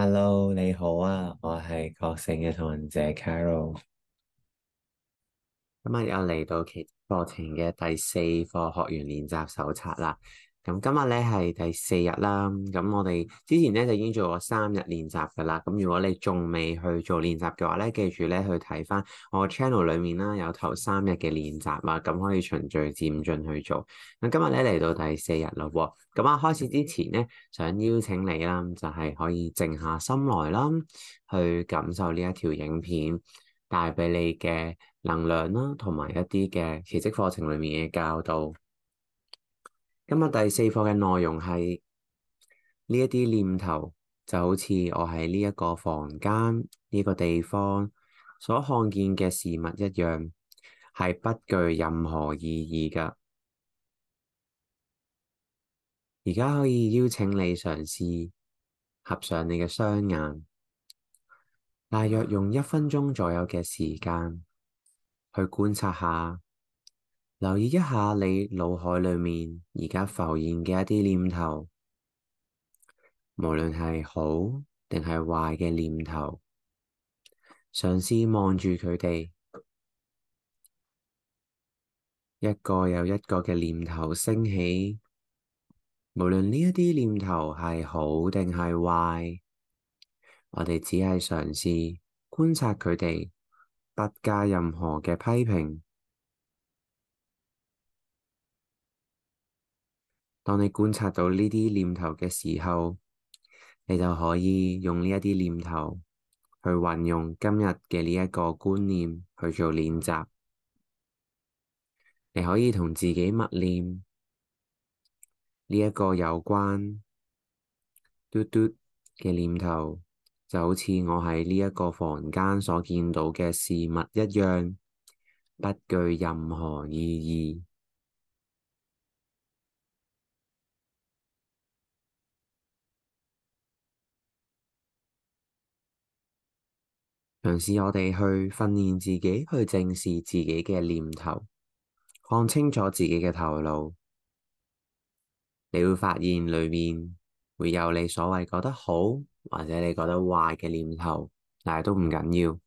Hello，你好啊，我係覺醒嘅同行者 Kyro，今日又嚟到奇蹟課程嘅第四課學員練習手冊啦。咁今日咧係第四日啦，咁我哋之前咧就已經做咗三日練習噶啦，咁如果你仲未去做練習嘅話咧，記住咧去睇翻我 channel 裏面啦，有頭三日嘅練習啊，咁可以循序漸進去做。咁今日咧嚟到第四日嘞，咁啊開始之前咧，想邀請你啦，就係可以靜下心來啦，去感受呢一條影片帶俾你嘅能量啦，同埋一啲嘅奇蹟課程裏面嘅教導。今日第四課嘅內容係呢一啲念頭，就好似我喺呢一個房間、呢個地方所看見嘅事物一樣，係不具任何意義嘅。而家可以邀請你嘗試合上你嘅雙眼，大約用一分鐘左右嘅時間去觀察下。留意一下你腦海裏面而家浮現嘅一啲念頭，無論係好定係壞嘅念頭，嘗試望住佢哋一個又一個嘅念頭升起。無論呢一啲念頭係好定係壞，我哋只係嘗試觀察佢哋，不加任何嘅批評。當你觀察到呢啲念頭嘅時候，你就可以用呢一啲念頭去運用今日嘅呢一個觀念去做練習。你可以同自己默念呢一個有關嘟嘟嘅念頭，就好似我喺呢一個房間所見到嘅事物一樣，不具任何意義。嘗試我哋去訓練自己，去正視自己嘅念頭，看清楚自己嘅頭腦。你會發現裏面會有你所謂覺得好，或者你覺得壞嘅念頭，但係都唔緊要。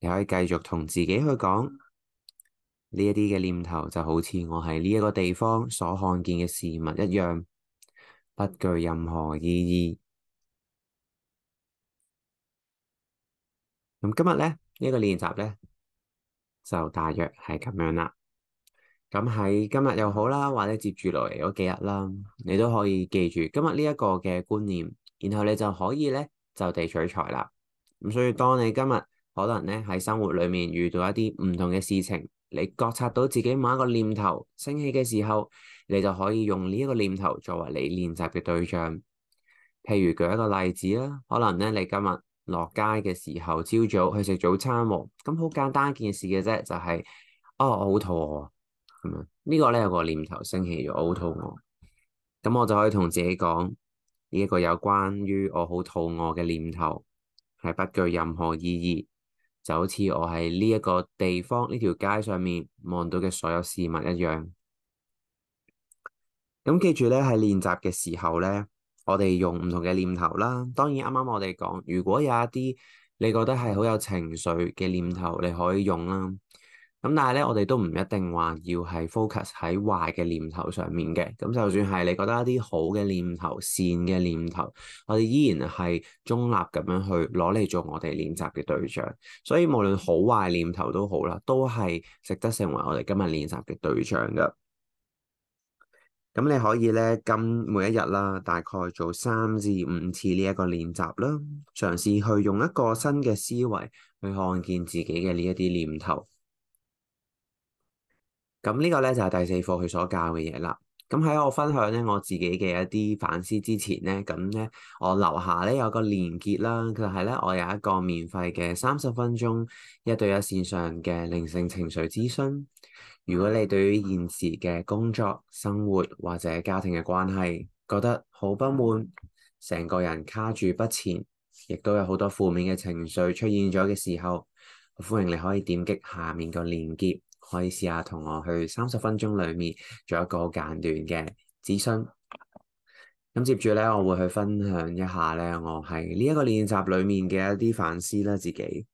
你可以繼續同自己去講呢一啲嘅念頭，就好似我喺呢一個地方所看見嘅事物一樣，不具任何意義。咁今日咧呢個練習咧就大約係咁樣啦。咁喺今日又好啦，或者接住落嚟嗰幾日啦，你都可以記住今日呢一個嘅觀念，然後你就可以咧就地取材啦。咁所以當你今日可能咧喺生活裡面遇到一啲唔同嘅事情，你覺察到自己某一個念頭升起嘅時候，你就可以用呢一個念頭作為你練習嘅對象。譬如舉一個例子啦，可能咧你今日，落街嘅時候，朝早去食早餐，咁好簡單一件事嘅啫，就係、是、哦，我好肚餓咁樣。這個、呢個咧有個念頭升起咗，我好肚餓，咁我就可以同自己講呢一個有關於我好肚餓嘅念頭係不具任何意義，就好似我喺呢一個地方呢條、這個、街上面望到嘅所有事物一樣。咁記住咧，喺練習嘅時候咧。我哋用唔同嘅念頭啦，當然啱啱我哋講，如果有一啲你覺得係好有情緒嘅念頭，你可以用啦。咁但係咧，我哋都唔一定話要係 focus 喺壞嘅念頭上面嘅。咁就算係你覺得一啲好嘅念頭、善嘅念頭，我哋依然係中立咁樣去攞嚟做我哋練習嘅對象。所以無論好壞念頭都好啦，都係值得成為我哋今日練習嘅對象噶。咁你可以咧，今每一日啦，大概做三至五次呢一個練習啦，嘗試去用一個新嘅思維去看見自己嘅呢一啲念頭。咁呢個咧就係第四課佢所教嘅嘢啦。咁喺我分享咧我自己嘅一啲反思之前咧，咁咧我樓下咧有個鏈接啦，佢係咧我有一個免費嘅三十分鐘一對一線上嘅靈性情緒諮詢。如果你對於現時嘅工作、生活或者家庭嘅關係覺得好不滿，成個人卡住不前，亦都有好多負面嘅情緒出現咗嘅時候，歡迎你可以點擊下面個鏈接。可以試下同我去三十分鐘裏面做一個簡短嘅諮詢。咁接住咧，我會去分享一下咧，我喺呢一個練習裏面嘅一啲反思啦自己。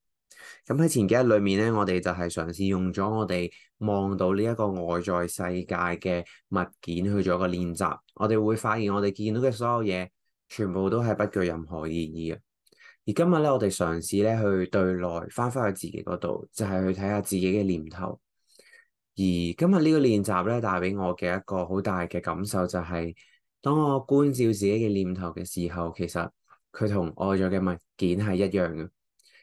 咁喺前幾日裏面咧，我哋就係嘗試用咗我哋望到呢一個外在世界嘅物件去做一個練習。我哋會發現我哋見到嘅所有嘢，全部都係不具任何意義。而今日咧，我哋嘗試咧去對內翻翻去自己嗰度，就係去睇下自己嘅念頭。而今日呢個練習咧帶俾我嘅一個好大嘅感受就係、是，當我觀照自己嘅念頭嘅時候，其實佢同外在嘅物件係一樣嘅。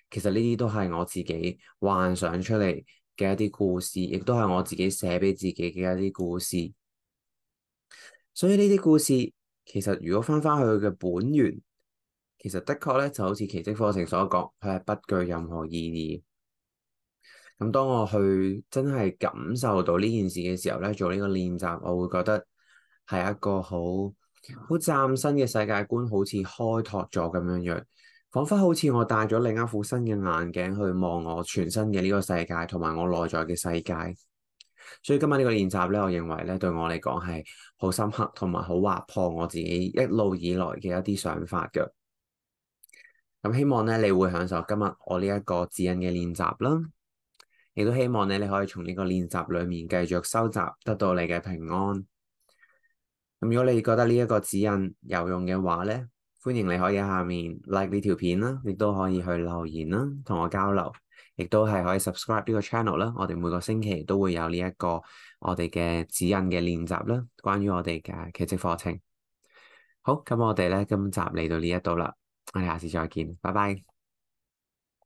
其實呢啲都係我自己幻想出嚟嘅一啲故事，亦都係我自己寫俾自己嘅一啲故事。所以呢啲故事其實如果翻返去佢嘅本源，其實的確咧就好似奇蹟課程所講，佢係不具任何意義。咁當我去真係感受到呢件事嘅時候咧，做呢個練習，我會覺得係一個好好嶄新嘅世界觀，好似開拓咗咁樣樣，彷彿好似我戴咗另一副新嘅眼鏡去望我全新嘅呢個世界同埋我內在嘅世界。所以今日呢個練習咧，我認為咧對我嚟講係好深刻同埋好劃破我自己一路以來嘅一啲想法㗎。咁希望咧你會享受今日我呢一個指引嘅練習啦。亦都希望你，你可以從呢個練習裏面繼續收集得到你嘅平安。咁如果你覺得呢一個指引有用嘅話咧，歡迎你可以下面 like 呢條片啦，亦都可以去留言啦，同我交流，亦都係可以 subscribe 呢個 channel 啦。我哋每個星期都會有呢一個我哋嘅指引嘅練習啦，關於我哋嘅奇蹟課程。好，咁我哋咧今集嚟到呢一度啦，我哋下次再見，拜拜。